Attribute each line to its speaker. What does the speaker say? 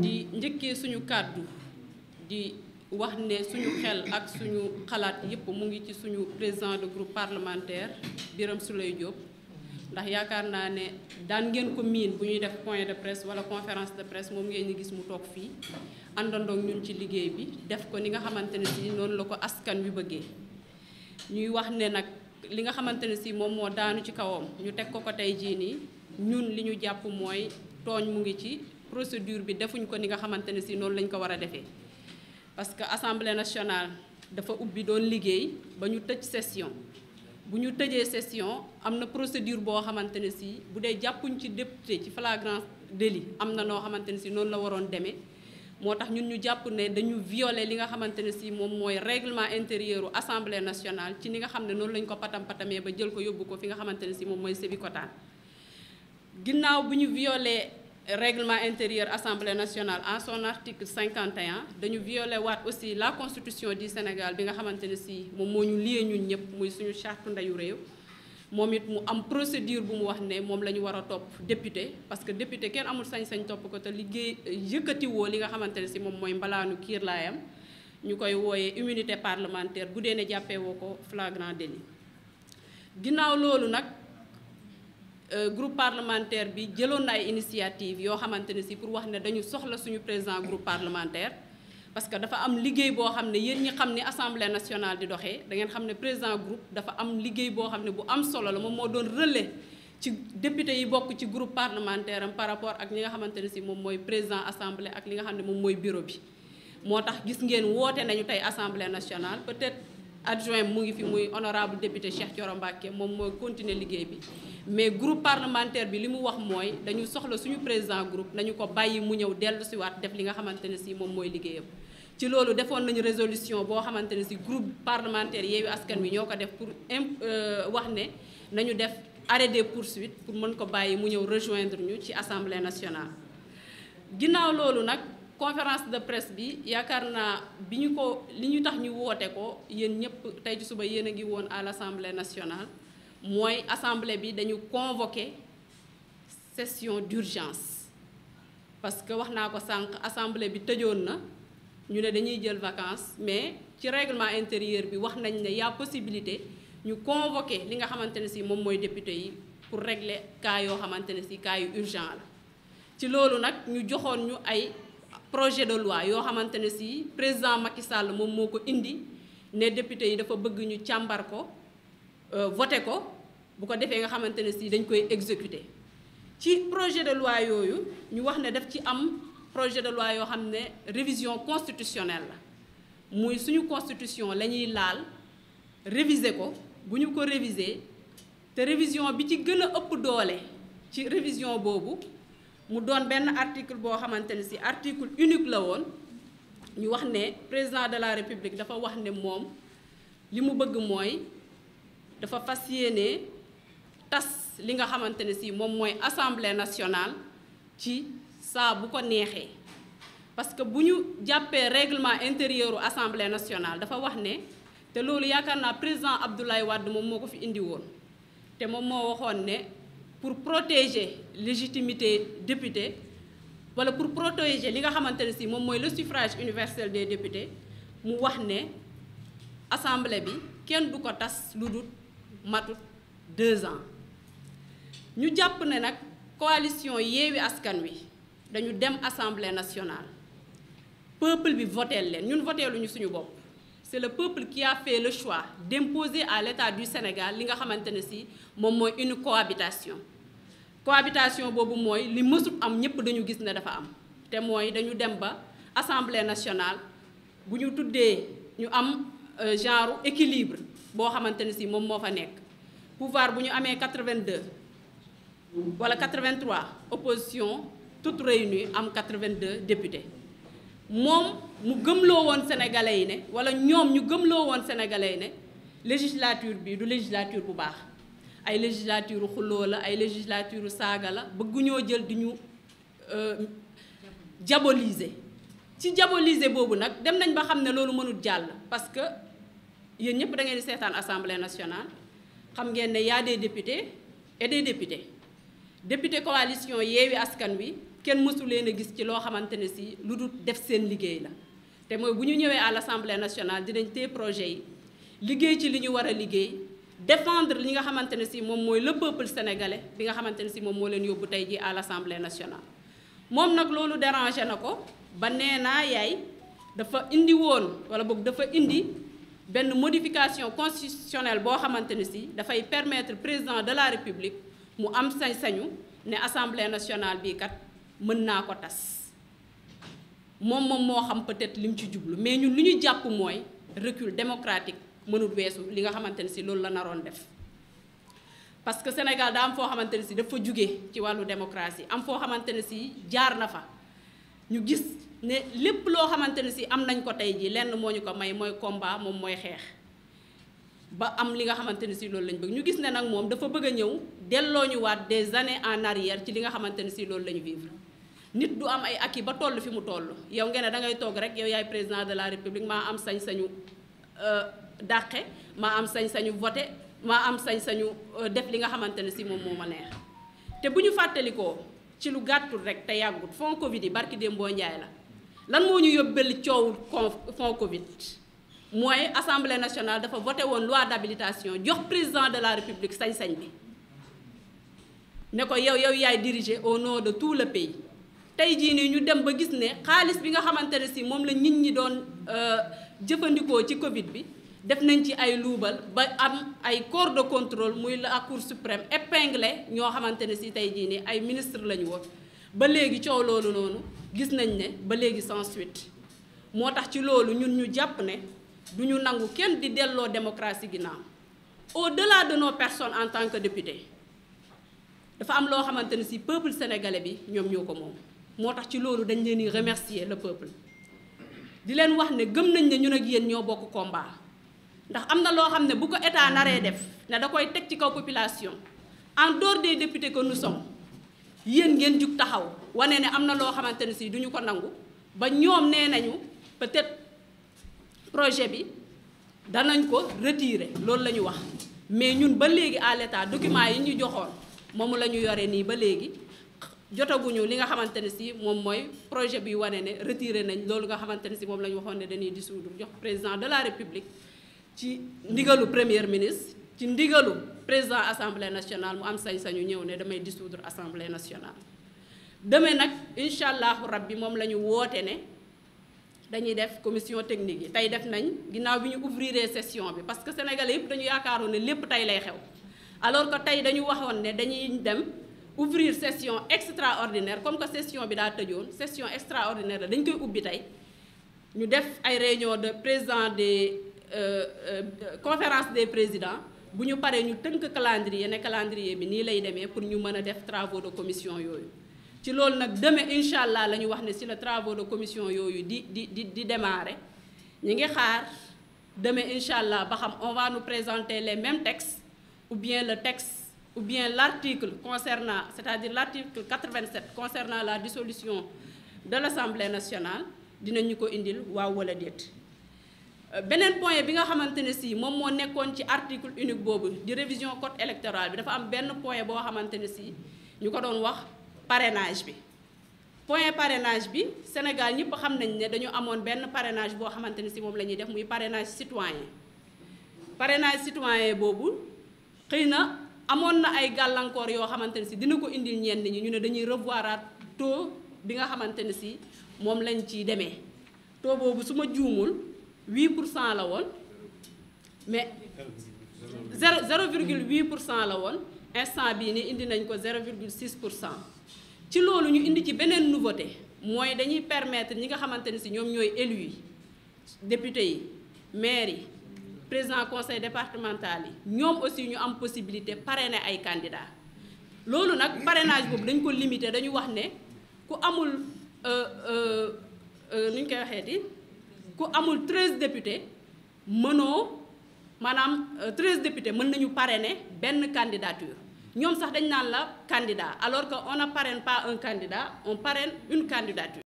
Speaker 1: di njëkkee suñu kàddu di wax ne suñu xel ak suñu xalaat yépp mu ngi ci suñu président de groupe parlementaire Birame Souleye Diop ndax yaakaar naa ne daan ngeen ko miin bu ñuy def point de presse wala conférence de presse moom ngeen ñu gis mu toog fii àndandoo ñun ci liggéey bi def ko ni nga xamante ne si noonu la ko askan wi bëggee ñuy wax ne nag li nga xamante ne si moom moo daanu ci kawam ñu teg ko ko tey jii nii ñun li ñu jàpp mooy tooñ mu ngi ci procédure bi defuñ ko ni nga xamante ne si noonu lañ ko war a defee parce que assemblée nationale dafa ubbi doon liggéey ba ñu tëj session bu ñu tëjee session am na procédure boo xamante ne si bu dee jàppuñ ci député ci flagrant délit am na noo xamante ne si noonu la waroon demee moo tax ñun ñu jàpp ne dañu violer li nga xamante ne si moom mooy règlement intérieur u assemblée nationale ci ni nga xam ne noonu lañ ko patam patamee ba jël ko yóbbu ko fi nga xamante ne si moom mooy Sébikotane ginnaaw bu ñu violer règlement intérieur assemblée nationale en son article 51 dañu violer waat la constitution du Sénégal bi nga xamante ne si moom moo ñu lié ñun ñëpp muy suñu charte ndeyu réew. moom it mu am procédure bu mu wax ne moom la ñu war a topp député parce que député kenn amul sañ-sañ topp ko te liggéey yëkkatiwoo li nga xamante ne si moom mooy mbalaanu kiir laayam ñu koy wooyee immunité parlementaire bu dee ne jàppee woo ko flagrant délit ginnaaw loolu nag euh, groupe parlementaire bi jëloon na ay initiative yoo xamante ne si pour wax ne dañu soxla suñu président groupe parlementaire parce que dafa am liggéey boo xam ne yéen ñi xam ne assemblée nationale di doxe dangeen xam ne président groupe dafa am liggéey boo xam ne bu am solo la moom moo doon relais ci député yi bokk ci groupe parlementaire par rapport ak li nga xamante ne si moom mooy président assemblée ak li nga xam ne moom mooy bureau bi. moo tax gis ngeen woote nañu tey assemblée nationale peut-être adjoint mu ngi fi muy honorable député Cheikh Thioro Mbacké moom mooy continuer liggéey bi. mais groupe parlementaire bi li mu wax mooy dañu soxla suñu président groupe nañu ko bàyyi mu ñëw dellu si waat def li nga xamante ne si moom mooy liggéeyam ci loolu defoon nañu résolution boo xamante ne si groupe parlementaire Yewwi Askan bi ñoo ko def pour euh, wax ne nañu def arrêt des poursuites pour mën ko bàyyi mu ñëw rejoindre ñu ci assemblée nationale ginnaaw loolu nag conférence de presse bi yaakaar naa bi ñu ko li ñu tax ñu woote ko yéen ñëpp tey ci suba yéen a ngi woon à l'assemblée nationale mooy assemblée bi dañu convoqué session d'urgence parce que wax naa ko sànq assemblée bi tëjoon na ñu ne dañuy jël vacance mais ci réglement intérieur bi wax nañ ne y'a possibilité ñu convoqué li nga xamante ne si moom mooy député yi pour régler cas yoo xamante ne si cas yu urgent la ci loolu nag ñu joxoon ñu ay projet de loi yoo xamante ne si président Macky Sall moom moo ko indi ne député yi dafa bëgg ñu càmbar ko Euh, voté ko bu ko defee nga xamante ne si dañ koy exécuter ci projet de loi yooyu ñu wax ne daf ci am projet de loi yoo xam ne révision constitutionnelle la muy suñu constitution la ñuy laal réviser ko bu ñu ko réviser te révision bi ci gën a ëpp doole ci révision boobu mu doon benn article boo xamante ne si article unique la woon ñu wax ne président de la république dafa wax ne moom li mu bëgg mooy dafa fas yéene tas li nga xamante ne si moom mooy assemblée nationale ci saa bu ko neexee parce que bu ñu jàppee règlement intérieur u assemblée nationale dafa wax ne te loolu yaakaar naa président Abdoulaye Wade moom moo ko fi indi woon te moom moo waxoon ne pour protéger légitimité député wala pour protéger li nga xamante ne si moom mooy le suffrage universel des députés mu wax ne assemblée bi kenn du ko tas lu dul matut deux ans ñu jàpp ne nag coalition Yewwi Askan Wi dañu dem assemblée nationale peuple bi voteel leen ñun voteeluñu suñu bopp c'est le peuple qui a fait le choix d'imposer à l'État du Sénégal li nga xamante ne si moom mooy une cohabitation cohabitation boobu mooy li mësul am ñëpp dañu gis ne dafa am te mooy dañu dem ba assemblée nationale bu ñu tuddee ñu am euh, genre équilibre boo xamante ne si moom moo fa nekk pouvoir bu ñu amee 82 wala 83 opposition toute réunie am 82 députés moom mu gëmloo woon sénégalais yi ne wala ñoom ñu gëmloo woon sénégalais ne législature bii du législature bu baax ay législature xuloo la ay législature saaga la bëgguñoo jël di ñu euh, diaboliser ci diaboliser boobu nag dem nañ ba xam ne loolu mënul jàll parce yéen ñëpp da ngeen di seetaan assemblée nationale xam ngeen ne y a des députés et des députés député coalition yeewi askan wi kenn mësu leen a gis ci loo xamante ne si lu dul def seen liggéey la te mooy bu ñu ñëwee à l' assemblée nationale dinañ téye projet yi liggéey ci li ñu war a liggéey défendre li nga xamante ne si moom mooy le peuple sénégalais bi nga xamante ne si moom moo leen yóbbu tey ji à l' national moom nag loolu dérangé na ko ba nee naa yaay dafa indi woon wala boog dafa indi benn modification constitutionnelle boo xamante ne si dafay permettre président de la république mu am sañ-sañu ne assemblée nationale bii kat mën naa ko tas moom moom moo xam peut-être lim ci jublu mais ñun li ñu jàpp mooy recul démocratique mënul weesu li nga xamante ne si loolu la naroon def. parce que Sénégal daa am foo xamante ne si dafa jóge ci wàllu démocratie am foo xamante ne si jaar na fa ñu gis. ne lépp loo xamante ne si am nañ ko tey jii lenn moo ñu ko may mooy combat moom mooy xeex ba am li nga xamante ne si loolu lañ bëgg ñu gis ne nag moom dafa bëgg a ñëw delloo ñu waat des années en arrière ci li nga xamante ne si loolu lañu vivre nit du am ay ak acquis ba toll fi mu toll yow ngeen ne da ngay toog rek yow yaay président de la république maa am sañ-sañu euh, dàqe maa am sañ-sañu voté maa am sañ-sañu euh, def li nga xamante ne si moom moo ma neex te bu ñu fàttalikoo ci lu gàttul rek te yàggut fond Covid yi barki démboo Njaay la lan moo ñu yóbbeel coow fond Covid mooy assemblée nationale dafa voté woon loi d'habilitation jox président de la république sañ-sañ bi ne ko yow yow yaay diriger au nom de tout le pays tey jii nii ñu dem ba gis ne xaalis bi nga xamante ne si moom la nit ñi doon euh, jëfandikoo ci Covid bi def nañ ci ay luubal ba am ay corps de contrôle muy la Cour suprême épinglé ñoo xamante ne si tey jii nii ay ministre la ñu woon. ba léegi coow loolu noonu gis nañ ne ba léegi sans suite moo tax ci loolu ñun ñu jàpp ne du ñu nangu kenn di delloo démocratie ginnaaw au-delà de nos personnes en tant que député dafa am loo xamante ne si peuple sénégalais bi ñoom ñoo ko moom moo tax ci loolu dañ leen di remercier la peuple di leen wax ne gëm nañ ne ñun ak yéen ñoo bokk combat ndax am na loo xam ne bu ko état naree def ne da koy teg ci kaw population en dehors des député que nous sommes yéen ngeen jug taxaw wane ne am na loo xamante ne si duñu ko nangu ba ñoom nee nañu peut-être projet bi danañ ko retirer loolu la ñu wax mais ñun ba léegi à l'état document yi ñu joxoon moom la ñu yore nii ba léegi jotaguñu li nga xamante ne si moom mooy projet bi wane ne retiré nañ loolu nga xamante ne si moom la ñu waxoon ne dañuy dissoudre jox président de la république ci ndigalu première ministre ci ndigalu président assemblée nationale mu am sañ-sañu ñëw ne damay dissoudre assemblée nationale. demee nag incha allahu rabbi moom la ñu woote ne dañuy def commission technique yi tey def nañ ginnaaw bi ñu ouvriree session bi parce que sénégalais yëpp dañu yaakaaroon ne lépp tey lay xew alors que tey dañu waxoon ne dañuy dem. ouvrir session extraordinaire comme que session bi daa tëjoon session extraordinaire la dañ koy ubbi tey ñu def ay réunion de président des euh, euh, conférence des présidents bu ñu paree ñu tënk calendrier ne calendrier bi nii lay demee pour ñu mën a def travaux de commission yooyu ci loolu nag demain incha allah la ñu wax ne si la travaux de commission yooyu di di di di démarrer ñi ngi xaar demain incha allah ba xam on va nu présenter les mêmes textes ou bien le texte ou bien l'article concernant c'est-à-dire l'article 87 concernant la dissolution de l'Assemblée nationale dinañu ko indil waaw wala déet beneen point bi nga xamante ne si moom moo nekkoon ci article unique boobu di révision code électoral bi dafa am benn point boo xamante ne si ñu ko doon wax parenage bi. point parenage bi Sénégal ñëpp xam nañ ne dañu amoon benn parenage boo xamante ne si moom la def muy parrainage citoyen parrainage citoyen boobu xëy na amoon na ay gàllankoor yoo xamante ne si dina ko indil ñenn ñi ñu ne dañuy revoiraat taux bi nga xamante ne si moom lañ ciy demee taux boobu su ma juumul. 8 pour cent la woon mais 0 0,8 pour cent la woon instant bii ni indi nañ ko 0,6 pour cent ci loolu ñu indi ci beneen nouveauté mooy dañuy permettre ñi nga xamante ni si ñoom ñooy élus yi député yi maire yi président conseil départemental yi ñoom aussi ñu am possibilité parrainer ay candidats loolu nag parrainage boobu dañ ko limité dañu wax ne ku amul euh, euh, euh, nu ñu koy waxee di ku amul treize députés mënoo maanaam euh, treize député mën nañu ne benn candidature ñoom sax dañ naan la candidat alors que on ne parraine pas un candidat on parraine une candidature